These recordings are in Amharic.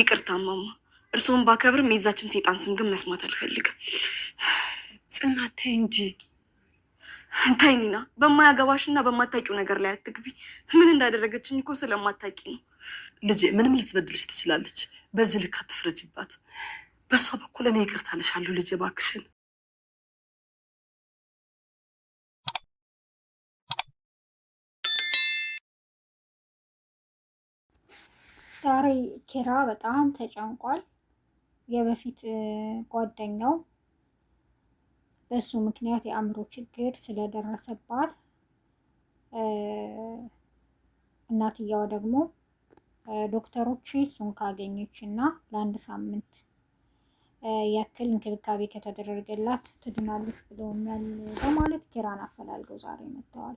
ይቅርታ ማማ፣ እርስዎን ባከብርም የዛችን ሴጣን ስም ግን መስማት አልፈልግም። ጽናት ተይ እንጂ ተይ ኒና፣ በማያገባሽ እና በማታውቂው ነገር ላይ አትግቢ። ምን እንዳደረገችኝ እኮ ስለማታውቂ ነው። ልጄ ምንም ልትበድልሽ ትችላለች። በዚህ ልክ አትፍረጅባት። በእሷ በኩል እኔ ይቅርታ ልሻለሁ። ልጄ እባክሽን ዛሬ ኪራ በጣም ተጨንቋል። የበፊት ጓደኛው በሱ ምክንያት የአእምሮ ችግር ስለደረሰባት እናትየዋ ደግሞ ዶክተሮች እሱን ካገኘች እና ለአንድ ሳምንት ያክል እንክብካቤ ከተደረገላት ትድናለች ብለውኛል በማለት ኪራን አፈላልገው ዛሬ መጥተዋል።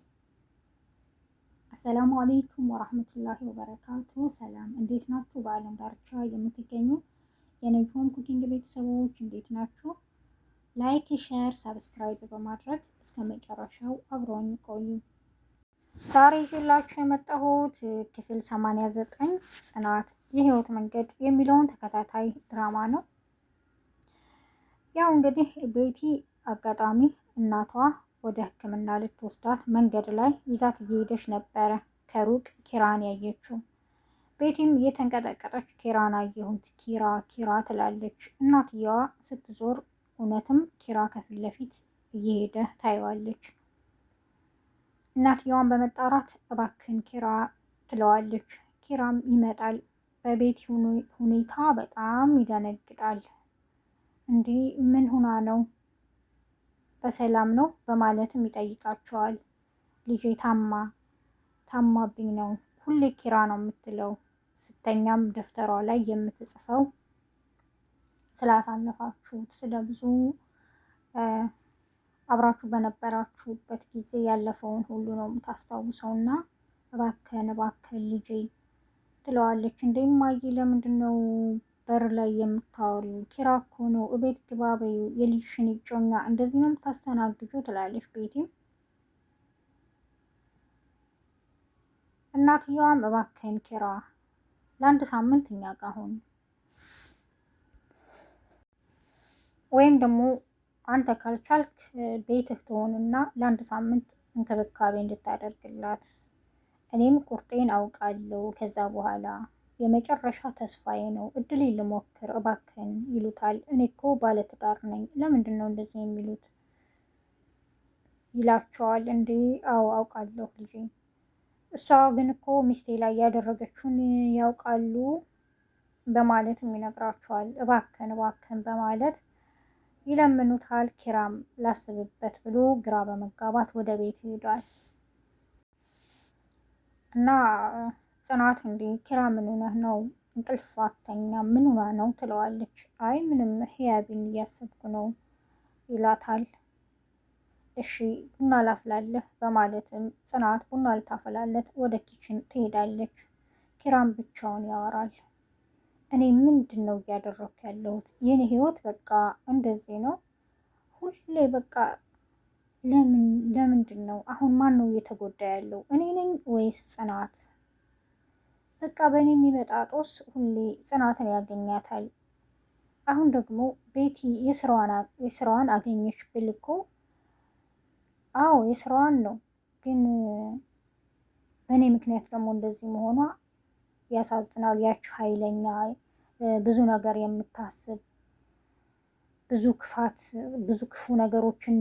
አሰላሙ አለይኩም ወራህመቱላሂ ወበረካቱ። ሰላም እንዴት ናችሁ? በዓለም ዳርቻ የምትገኙ የነጆም ኩኪንግ ቤተሰቦች እንዴት ናችሁ? ላይክ፣ ሼር፣ ሰብስክራይብ በማድረግ እስከ መጨረሻው አብረውን ይቆዩ። ዛሬ ይዤላችሁ የመጣሁት ክፍል 89 ጽናት የህይወት መንገድ የሚለውን ተከታታይ ድራማ ነው። ያው እንግዲህ ቤቲ አጋጣሚ እናቷ ወደ ህክምና ልትወስዳት መንገድ ላይ ይዛት እየሄደች ነበረ ከሩቅ ኪራን ያየችው። ቤቲም እየተንቀጠቀጠች ኪራን አየሁት፣ ኪራ ኪራ ትላለች። እናትየዋ ስትዞር እውነትም ኪራ ከፊት ለፊት እየሄደ ታየዋለች። እናትየዋን በመጣራት እባክን ኪራ ትለዋለች። ኪራም ይመጣል። በቤቲ ሁኔታ በጣም ይደነግጣል። እንዲህ ምን ሁና ነው በሰላም ነው በማለትም ይጠይቃቸዋል። ልጄ ታማ ታማብኝ ነው ሁሌ ኪራ ነው የምትለው። ስተኛም ደብተሯ ላይ የምትጽፈው ስላሳለፋችሁት ስለ ብዙ አብራችሁ በነበራችሁበት ጊዜ ያለፈውን ሁሉ ነው የምታስታውሰው እና እባክህን እባክህን ልጄ ትለዋለች። እንዴ እማዬ ለምንድን ነው በር ላይ የምታወሩ ኪራ እኮ ነው እቤት ግባ በዩ የልጅሽን እጮኛ እንደዚህም ታስተናግጁ ትላለች ቤቲም። እናትየዋም እባክህን ኪራ ለአንድ ሳምንት እኛ ጋ ሁን ወይም ደግሞ አንተ ካልቻልክ ቤትህ ትሆንና ለአንድ ሳምንት እንክብካቤ እንድታደርግላት እኔም ቁርጤን አውቃለሁ ከዛ በኋላ የመጨረሻ ተስፋዬ ነው። እድል ልሞክር እባክህን ይሉታል። እኔ እኮ ባለትዳር ነኝ፣ ለምንድን ነው እንደዚህ የሚሉት ይላቸዋል። እንዴ አዎ አውቃለሁ ልጄ፣ እሷ ግን እኮ ሚስቴ ላይ ያደረገችውን ያውቃሉ በማለት ይነግራቸዋል። እባክን እባክን በማለት ይለምኑታል። ኪራም ላስብበት ብሎ ግራ በመጋባት ወደ ቤት ይሄዳል እና ጽናት እንዲህ ኪራ ምን ሆነህ ነው እንቅልፍ አተኛ ምን ሆና ነው ትለዋለች። አይ ምንም ህያብን እያሰብኩ ነው ይላታል። እሺ ቡና ላፍላለህ በማለትም ጽናት ቡና ልታፈላለት ወደ ኪችን ትሄዳለች። ኪራም ብቻውን ያወራል። እኔ ምንድን ነው እያደረኩ ያለሁት? የኔ ህይወት በቃ እንደዚህ ነው ሁሌ በቃ ለምን ለምንድን ነው አሁን ማን ነው እየተጎዳ ያለው እኔ ነኝ ወይስ ጽናት በቃ በእኔ የሚመጣ ጦስ ሁሌ ጽናትን ያገኛታል። አሁን ደግሞ ቤቲ የስራዋን አገኘች ብል እኮ አዎ የስራዋን ነው፣ ግን በእኔ ምክንያት ደግሞ እንደዚህ መሆኗ ያሳዝናል። ያች ኃይለኛ ብዙ ነገር የምታስብ ብዙ ክፋት ብዙ ክፉ ነገሮችን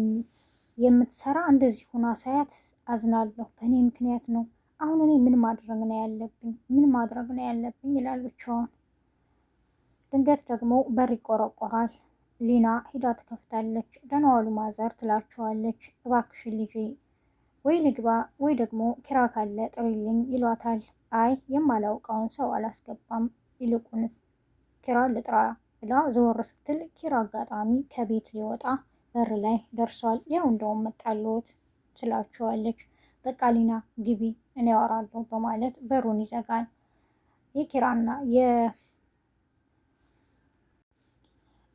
የምትሰራ እንደዚህ ሁና ሳያት አዝናለሁ። በእኔ ምክንያት ነው አሁን እኔ ምን ማድረግ ነው ያለብኝ? ምን ማድረግ ነው ያለብኝ ይላል ብቻውን። ድንገት ደግሞ በር ይቆረቆራል። ሊና ሂዳ ትከፍታለች። ደህና ዋሉ ማዘር ትላቸዋለች። እባክሽ ልጄ ወይ ልግባ ወይ ደግሞ ኪራ ካለ ጥሪልኝ ይሏታል። አይ የማላውቀውን ሰው አላስገባም፣ ይልቁንስ ኪራ ልጥራ ብላ ዘወር ስትል ኪራ አጋጣሚ ከቤት ሊወጣ በር ላይ ደርሷል። ያው እንደውም መጣልዎት ትላቸዋለች። በቃ ሊና ግቢ እኔ አወራለሁ በማለት በሩን ይዘጋል። የኪራና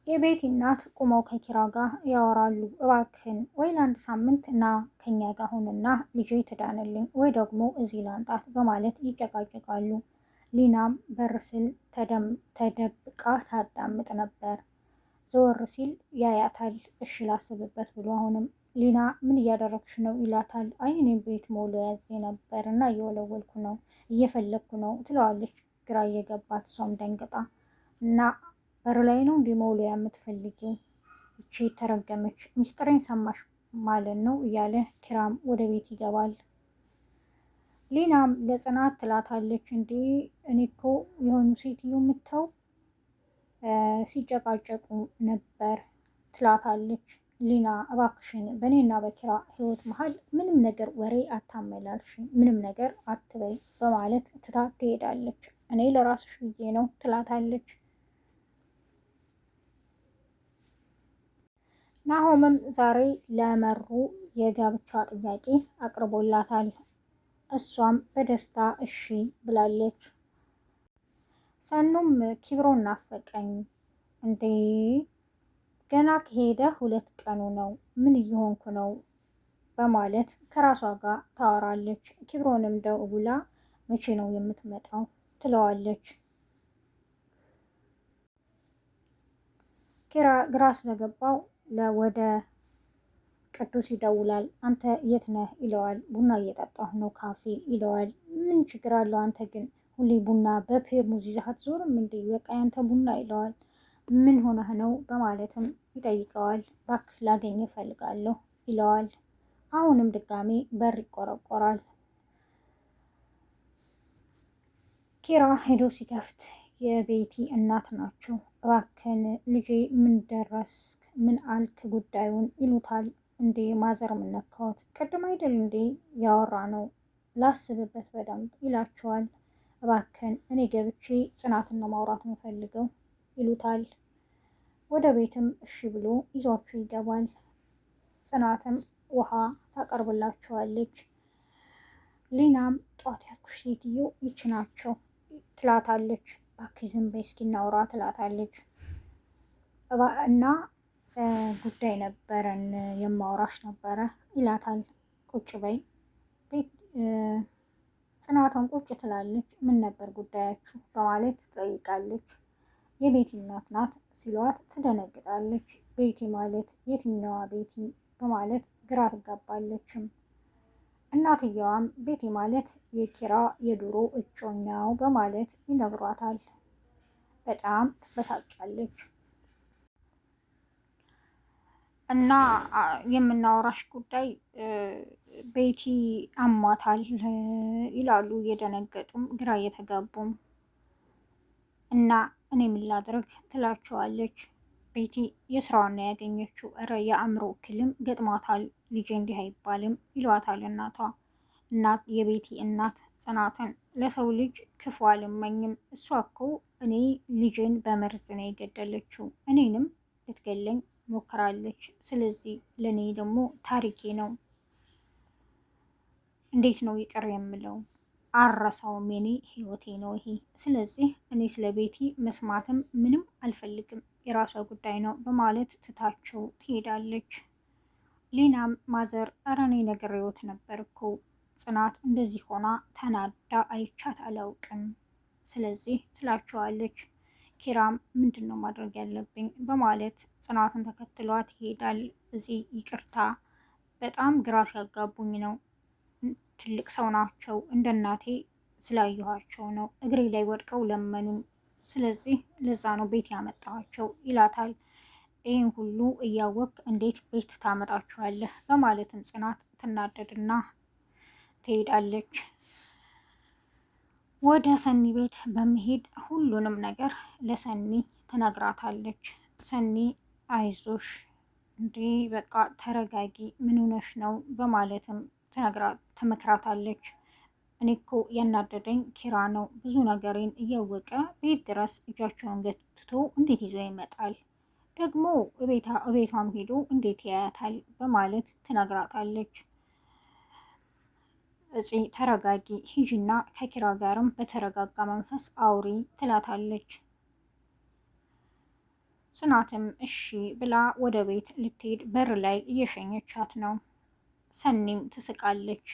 የቤቲ እናት ቁመው ከኪራ ጋር ያወራሉ። እባክህን ወይ ለአንድ ሳምንት ና ከኛ ጋር ሁንና ልጄ ትዳንልኝ ወይ ደግሞ እዚህ ላንጣት በማለት ይጨቃጨቃሉ። ሊናም በር ስር ተደብቃ ታዳምጥ ነበር። ዘወር ሲል ያያታል። እሽ ላስብበት ብሎ አሁንም ሊና ምን እያደረግሽ ነው ይላታል። አይ ቤት ሞሎ ያዜ ነበር እና እየወለወልኩ ነው እየፈለግኩ ነው ትለዋለች፣ ግራ እየገባት እሷም ደንግጣ እና በር ላይ ነው እንዲህ ሞሎ የምትፈልጊው ይቺ ተረገመች ምስጢሬን ሰማሽ ማለት ነው እያለ ኪራም ወደ ቤት ይገባል። ሊናም ለጽናት ትላታለች፣ እንዴ እኔ እኮ የሆኑ ሴትዮ የምታው ሲጨቃጨቁ ነበር ትላታለች። ሊና እባክሽን በእኔና በኪራ ህይወት መሀል ምንም ነገር ወሬ አታመላልሽ፣ ምንም ነገር አትበይ በማለት ትታ ትሄዳለች። እኔ ለራስሽ ብዬ ነው ትላታለች። ናሆምም ዛሬ ለመሩ የጋብቻ ጥያቄ አቅርቦላታል። እሷም በደስታ እሺ ብላለች። ሰኑም ኪብሮ እናፈቀኝ እንዴ ገና ከሄደ ሁለት ቀኑ ነው፣ ምን እየሆንኩ ነው በማለት ከራሷ ጋር ታወራለች። ኪብሮንም ደውላ መቼ ነው የምትመጣው ትለዋለች። ግራ ስለገባው ወደ ቅዱስ ይደውላል። አንተ የት ነህ ይለዋል። ቡና እየጠጣሁ ነው ካፌ ይለዋል። ምን ችግር አለው አንተ ግን ሁሌ ቡና በፔርሙዝ ይዘህ ዞርም እንዴ? በቃ ያንተ ቡና ይለዋል። ምን ሆነህ ነው በማለትም ይጠይቀዋል። ባክ ላገኝ እፈልጋለሁ ይለዋል። አሁንም ድጋሜ በር ይቆረቆራል። ኪራ ሄዶ ሲከፍት የቤቲ እናት ናቸው። እባክን ልጄ ምን ደረስክ? ምን አልክ ጉዳዩን ይሉታል። እንዴ ማዘር ምነካወት ቅድም አይደል እንዴ ያወራ ነው ላስብበት በደንብ ይላቸዋል። እባክን እኔ ገብቼ ጽናትን ነው ማውራት የምፈልገው ይሉታል። ወደ ቤትም እሺ ብሎ ይዟቸው ይገባል። ጽናትም ውሃ ታቀርብላቸዋለች። ሊናም ጧት ያልኩሽ ሴትዮ ይች ናቸው ትላታለች። እባክሽ ዝም በይ እስኪ እናውራ ትላታለች። እና ጉዳይ ነበረን የማውራሽ ነበረ ይላታል። ቁጭ በይ ጽናትን ቁጭ ትላለች። ምን ነበር ጉዳያችሁ በማለት ትጠይቃለች። የቤቲ እናት ናት ሲሏት ትደነግጣለች። ቤቲ ማለት የትኛዋ ቤቲ በማለት ግራ ትጋባለችም። እናትየዋም ቤቲ ማለት የኪራ የድሮ እጮኛው በማለት ይነግሯታል። በጣም ትበሳጫለች። እና የምናወራሽ ጉዳይ ቤቲ አሟታል ይላሉ፣ እየደነገጡም ግራ እየተጋቡም እና እኔ ምን ላድርግ ትላቸዋለች። ቤቲ የስራዋና ያገኘችው እረ የአእምሮ እክልም ገጥሟታል ልጄ እንዲህ አይባልም ይሏታል እናቷ። እናት የቤቲ እናት ጽናትን ለሰው ልጅ ክፉ አልመኝም፣ እሷ እኮ እኔ ልጄን በመርዝ ነው የገደለችው፣ እኔንም ልትገለኝ ሞክራለች። ስለዚህ ለእኔ ደግሞ ታሪኬ ነው እንዴት ነው ይቅር የምለው? አረሳውም። የኔ ህይወቴ ነው ይሄ። ስለዚህ እኔ ስለ ቤቲ መስማትም ምንም አልፈልግም፣ የራሷ ጉዳይ ነው በማለት ትታቸው ትሄዳለች። ሌናም ማዘር ኧረ ነገር ህይወት ነበር እኮ ጽናት እንደዚህ ሆና ተናዳ አይቻት አላውቅም፣ ስለዚህ ትላቸዋለች። ኪራም ምንድን ነው ማድረግ ያለብኝ በማለት ጽናትን ተከትሏት ይሄዳል። እዚህ ይቅርታ በጣም ግራ ሲያጋቡኝ ነው ትልቅ ሰው ናቸው። እንደ እናቴ ስላየኋቸው ነው። እግሬ ላይ ወድቀው ለመኑም ስለዚህ ለዛ ነው ቤት ያመጣኋቸው ይላታል። ይህን ሁሉ እያወቅ እንዴት ቤት ታመጣችኋለህ? በማለትም ጽናት ትናደድና ትሄዳለች። ወደ ሰኒ ቤት በመሄድ ሁሉንም ነገር ለሰኒ ትነግራታለች። ሰኒ አይዞሽ እንዴ፣ በቃ ተረጋጊ፣ ምን ሆነሽ ነው? በማለትም ተመክራታለች። እኔ እኮ ያናደደኝ ኪራ ነው። ብዙ ነገሬን እያወቀ ቤት ድረስ እጃቸውን ገትቶ እንዴት ይዞ ይመጣል? ደግሞ እቤቷም ሄዶ እንዴት ያያታል? በማለት ትነግራታለች። እጽ ተረጋጊ፣ ሂጂና ከኪራ ጋርም በተረጋጋ መንፈስ አውሪ ትላታለች። ጽናትም እሺ ብላ ወደ ቤት ልትሄድ በር ላይ እየሸኘቻት ነው። ሰኒም ትስቃለች።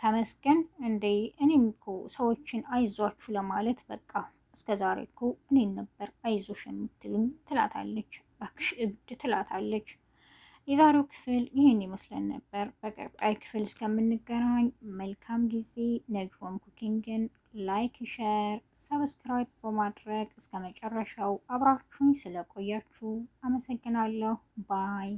ተመስገን እንዴ እኔም እኮ ሰዎችን አይዟችሁ ለማለት በቃ እስከ ዛሬ እኮ እኔን ነበር አይዞሽ የምትሉኝ ትላታለች። እባክሽ እብድ ትላታለች። የዛሬው ክፍል ይህን ይመስለን ነበር። በቀጣይ ክፍል እስከምንገናኝ መልካም ጊዜ። ነጅዋም ኩኪንግን ላይክ፣ ሸር፣ ሰብስክራይብ በማድረግ እስከ መጨረሻው አብራችሁኝ ስለቆያችሁ አመሰግናለሁ። ባይ